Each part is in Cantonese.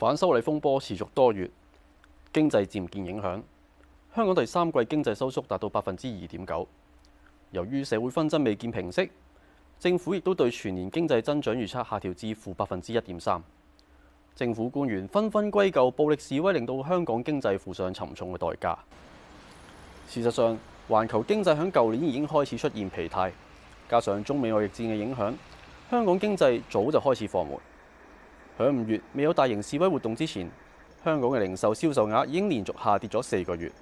反修例風波持續多月，經濟漸見影響。香港第三季經濟收縮達到百分之二點九。由於社會紛爭未見平息，政府亦都對全年經濟增長預測下調至負百分之一點三。政府官員紛紛歸咎暴力示威令到香港經濟負上沉重嘅代價。事實上，環球經濟響舊年已經開始出現疲態，加上中美貿易戰嘅影響，香港經濟早就開始放緩。喺五月未有大型示威活動之前，香港嘅零售銷售額已經連續下跌咗四個月，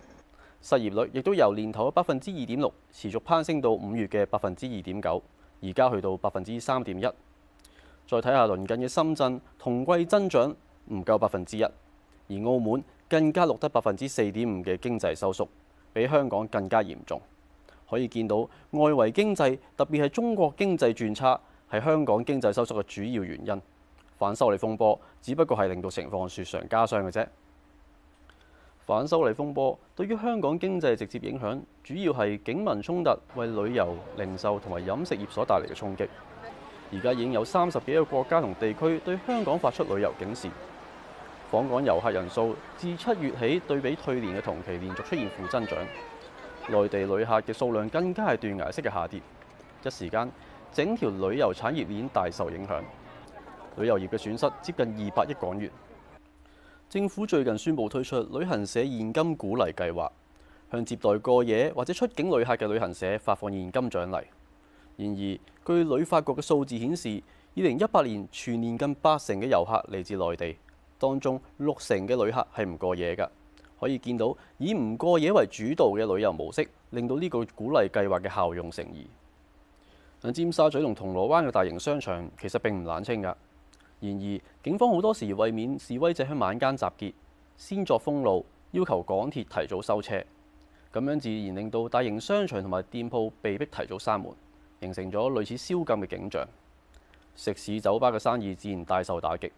失業率亦都由年頭嘅百分之二點六持續攀升到五月嘅百分之二點九，而家去到百分之三點一。再睇下鄰近嘅深圳，同季增長唔夠百分之一，而澳門更加錄得百分之四點五嘅經濟收縮，比香港更加嚴重。可以見到外圍經濟，特別係中國經濟轉差，係香港經濟收縮嘅主要原因。反修例風波只不過係令到情況雪上加霜嘅啫。反修例風波對於香港經濟的直接影響，主要係警民衝突為旅遊、零售同埋飲食業所帶來嘅衝擊。而家已經有三十幾個國家同地區對香港發出旅遊警示。訪港遊客人數自七月起對比去年嘅同期連續出現負增長，內地旅客嘅數量更加係斷崖式嘅下跌。一時間，整條旅遊產業鏈大受影響。旅遊業嘅損失接近二百億港元。政府最近宣布推出旅行社現金鼓勵計劃，向接待過夜或者出境旅客嘅旅行社發放現金獎勵。然而，據旅發局嘅數字顯示，二零一八年全年近八成嘅遊客嚟自內地，當中六成嘅旅客係唔過夜㗎。可以見到以唔過夜為主導嘅旅遊模式，令到呢個鼓勵計劃嘅效用成疑。但尖沙咀同銅鑼灣嘅大型商場其實並唔冷清㗎。然而，警方好多時為免示威者喺晚間集結，先作封路，要求港鐵提早收車，咁樣自然令到大型商場同埋店鋪被迫提早閂門，形成咗類似宵禁嘅景象。食肆酒吧嘅生意自然大受打擊。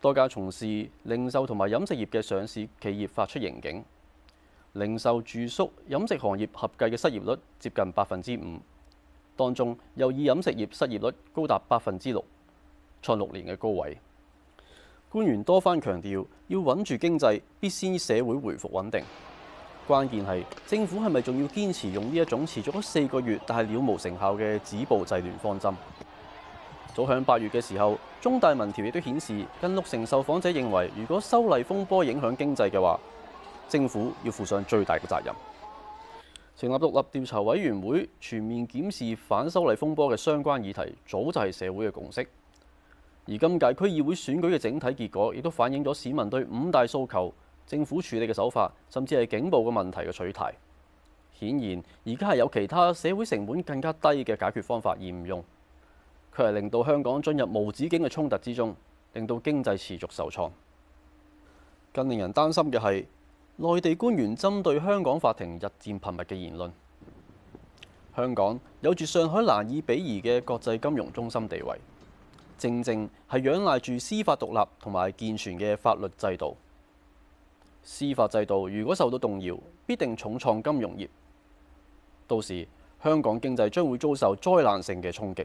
多家從事零售同埋飲食業嘅上市企業發出盈警，零售、住宿、飲食行業合計嘅失業率接近百分之五，當中又以飲食業失業率高達百分之六。創六年嘅高位，官員多番強調要穩住經濟，必先社會回復穩定。關鍵係政府係咪仲要堅持用呢一種持續咗四個月但係了無成效嘅止暴制亂方針？早響八月嘅時候，中大民調亦都顯示，近六成受訪者認為，如果修例風波影響經濟嘅話，政府要負上最大嘅責任。成立獨立調查委員會全面檢視反修例風波嘅相關議題，早就係社會嘅共識。而今屆區議會選舉嘅整體結果，亦都反映咗市民對五大訴求、政府處理嘅手法，甚至係警暴嘅問題嘅取題。顯然，而家係有其他社會成本更加低嘅解決方法而唔用，佢係令到香港進入無止境嘅衝突之中，令到經濟持續受創。更令人擔心嘅係，內地官員針對香港法庭日漸頻密嘅言論。香港有住上海難以比擬嘅國際金融中心地位，正正係仰賴住司法獨立同埋健全嘅法律制度。司法制度如果受到動搖，必定重創金融業，到時香港經濟將會遭受災難性嘅衝擊。